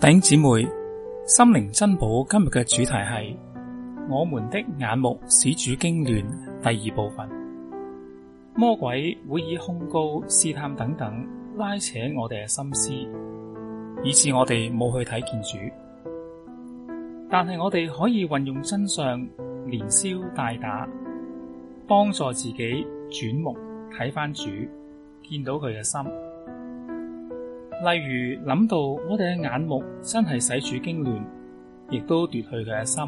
弟兄姊妹，心靈珍寶，今日嘅主題係我們的眼目使主驚亂第二部分。魔鬼會以控告試探等等拉扯我哋嘅心思，以致我哋冇去睇見主。但係我哋可以運用真相連消帶打，幫助自己轉目睇翻主，見到佢嘅心。例如諗到我哋嘅眼目真係使主驚亂，亦都奪去佢嘅心，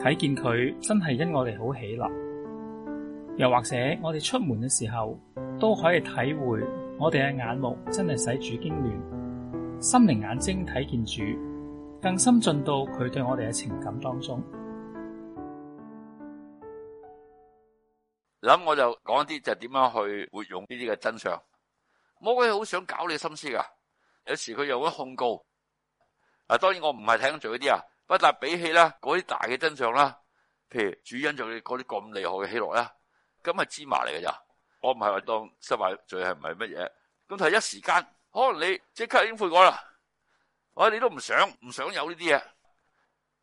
睇見佢真係因我哋好喜樂。又或者我哋出門嘅時候，都可以體會我哋嘅眼目真係使主驚亂，心靈眼睛睇見主，更深進到佢對我哋嘅情感當中。諗，我就講啲就點樣去活用呢啲嘅真相。魔鬼好想搞你心思噶，有時佢又會控告，嗱當然我唔係睇罪嗰啲啊，不但比起啦，嗰啲大嘅真相啦，譬如主因做嗰啲咁厲害嘅喜樂啦，咁係芝麻嚟㗎咋？我唔係話當失敗罪係唔係乜嘢？咁係一時間，可能你即刻應悔改啦，你都唔想唔想有呢啲嘢，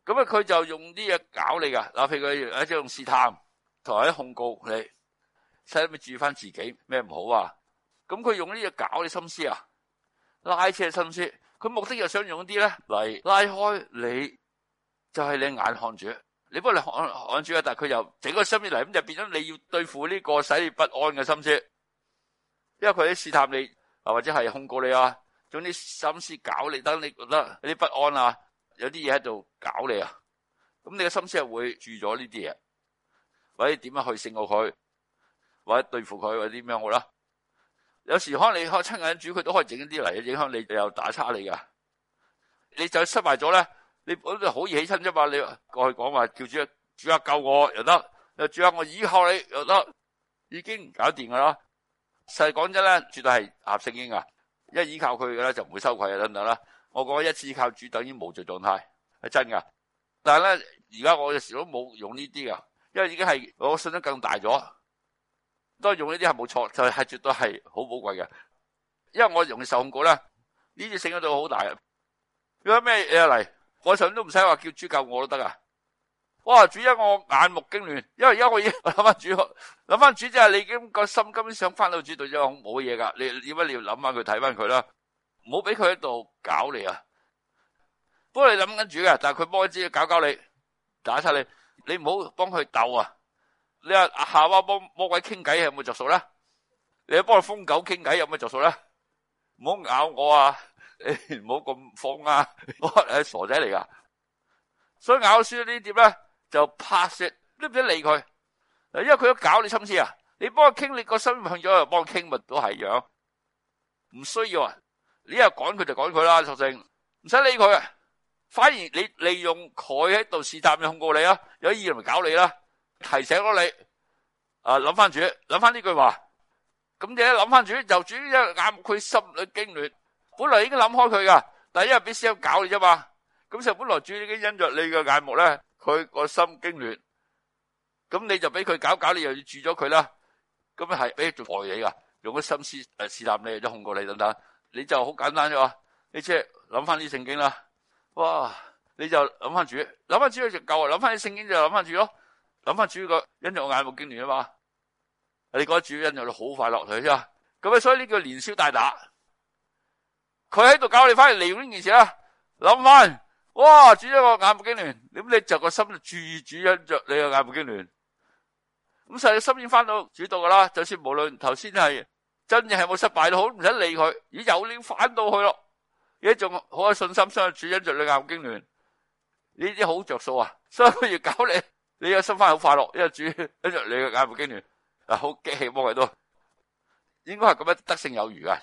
咁佢就用啲嘢搞你噶，嗱譬如誒即係用試探同埋控告你，使咪注意翻自己咩唔好啊？咁佢用呢啲搞你心思啊，拉扯心思。佢目的又想用啲咧嚟拉開你，就係、是、你眼看住，你不過你看看住啊，但係佢又整個心思嚟咁，就變咗你要對付呢個使你不安嘅心思，因為佢喺試探你，或者係控告你啊。用啲心思搞你，等你覺得啲不安啊，有啲嘢喺度搞你啊。咁你嘅心思係會注咗呢啲嘢，或者點樣去勝過佢，或者對付佢，或者點樣好啦。有時可能你開親眼煮佢都可以整啲嚟影響你，又打叉你噶，你就失敗咗咧。你就好易起身啫嘛。你過去講話叫主，主下救我又得，又主下我依靠你又得，已經搞掂噶啦。實際講真咧，絕對係合聖經㗎。一依靠佢咧就唔會羞愧啦，得唔得啦。我講一次依靠主等於無罪狀態係真噶，但係咧而家我有時候都冇用呢啲噶，因為已經係我信得更大咗。都係用呢啲係冇錯，就係絕對係好寶貴嘅。因為我容易受控過啦，呢啲影響到好大。如果咩嘢嚟，我上都唔使話叫主救我都得啊！哇，主因我眼目驚亂，因為因為而家我已經諗翻主，諗翻主即係你咁個心，根本想翻到主度，就冇嘢噶。你點解你要諗翻佢睇翻佢啦？唔好俾佢喺度搞你啊！不過你諗緊主嘅，但係佢波子搞搞你，打親你，你唔好幫佢鬥啊！你話夏娃幫魔鬼傾偈有冇着數咧？你幫佢瘋狗傾偈有冇着數咧？唔好咬我啊！唔好咁瘋啊！ 我係傻仔嚟噶，所以咬書呢啲咧就 pass，都唔使理佢。因為佢都搞你心思啊！你幫佢傾，你個心向咗就幫佢傾，咪都係樣。唔需要啊！你又趕佢就趕佢啦，索性唔使理佢。啊！反而你利用佢喺度試探你，控告你啊！有意咪搞你啦～提醒咗你，啊，諗翻住，諗翻呢句話，咁你一諗翻住，就主一眼目佢心裏驚亂，本來已經諗開佢噶，但係因為俾師友搞你啫嘛，咁就本來主已經因着你嘅眼目咧，佢個心驚亂，咁你就俾佢搞搞，你又要住咗佢啦，咁係俾佢做壞嘢噶，用個心思誒、呃、試探你，或控過你等等，你就好簡單啫嘛，你即係諗翻啲聖經啦，哇，你就諗翻住，諗翻住就夠，諗翻啲聖經就諗翻住咯。諗翻主個，因為我眼目驚亂啊嘛，你覺得主角因就好快落去啫。咁啊，所以呢叫連消帶打。佢喺度搞你翻嚟利用呢件事啦。諗翻，哇，主一個眼目驚亂，咁你就個心就注意主因着你個眼目驚亂。咁實際心已經翻到主導噶啦。就算無論頭先係真係冇失敗都好，唔使理佢。咦，有了反到去咯，而家仲好有信心，相信主因着你眼目驚亂呢啲好着數啊，所以佢要搞你。你個心翻好快樂，因為主跟着你嘅眼目驚亂，嗱好激氣幫佢都，應該係咁樣得勝有餘啊！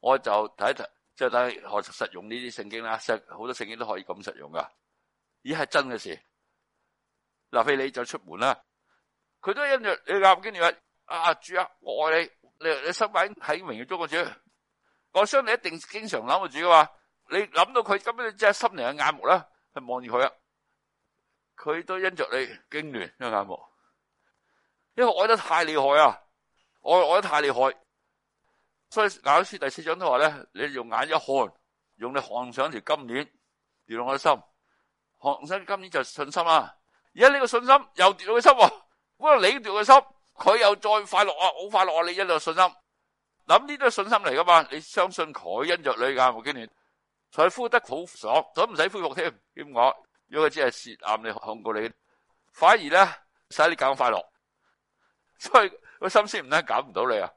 我就睇一睇，即係等學習實用呢啲聖經啦，實好多聖經都可以咁實用噶，咦係真嘅事！拿非利就出門啦，佢都因着你眼目驚亂啊，啊主啊，我愛你，你你心喺喺明月中個主，我相信你一定經常諗住主嘅話，你諗到佢咁樣隻心靈嘅眼目啦，去望住佢啊。佢都因着你驚亂，因眼目，因為愛得太厲害啊，愛愛得太厲害，所以嗱，說第四章都話咧，你用眼一看，用你項上條金鏈，跌到我心，項上金鏈就信心啦。而家呢個信心又跌到個心，咁啊，你跌個心，佢又再快樂啊，好快樂啊，你一路信心，嗱咁呢都係信心嚟噶嘛，你相信佢因着你眼目驚亂，再呼得好爽，都唔使恢復添，點我？如果佢只係舌硬你，控告你，反而咧使你更快樂，所以個心思唔單搞唔到你啊，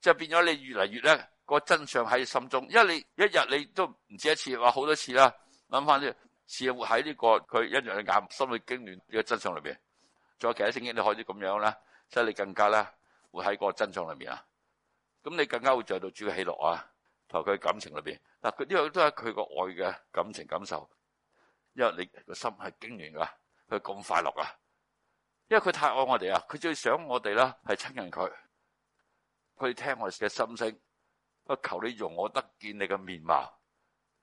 即係變咗你越嚟越咧個真相喺心中，因為你一日你都唔止一次，話好多次啦。諗翻啲，試下活喺呢個佢一樣嘅眼，心裏驚亂呢個真相裏邊。仲有其他聖經你可以咁樣啦，使你更加咧活喺個真相裏邊啊。咁你更加會再到主嘅喜樂啊，同佢感情裏邊嗱，呢個都係佢個愛嘅感情感受。因為你個心係驚亂噶，佢咁快樂啊！因為佢太愛我哋啊，佢最想我哋啦係親近佢，佢聽我哋嘅心聲。我求你容我得見你嘅面貌，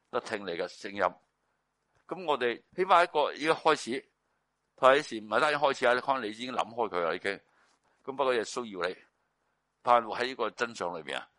得聽你嘅聲音。咁我哋起碼一個，要開始，開始唔係單止開始啊！可能你已經諗開佢啦已經。咁不過又需要你，盼望喺呢個真相裏邊啊！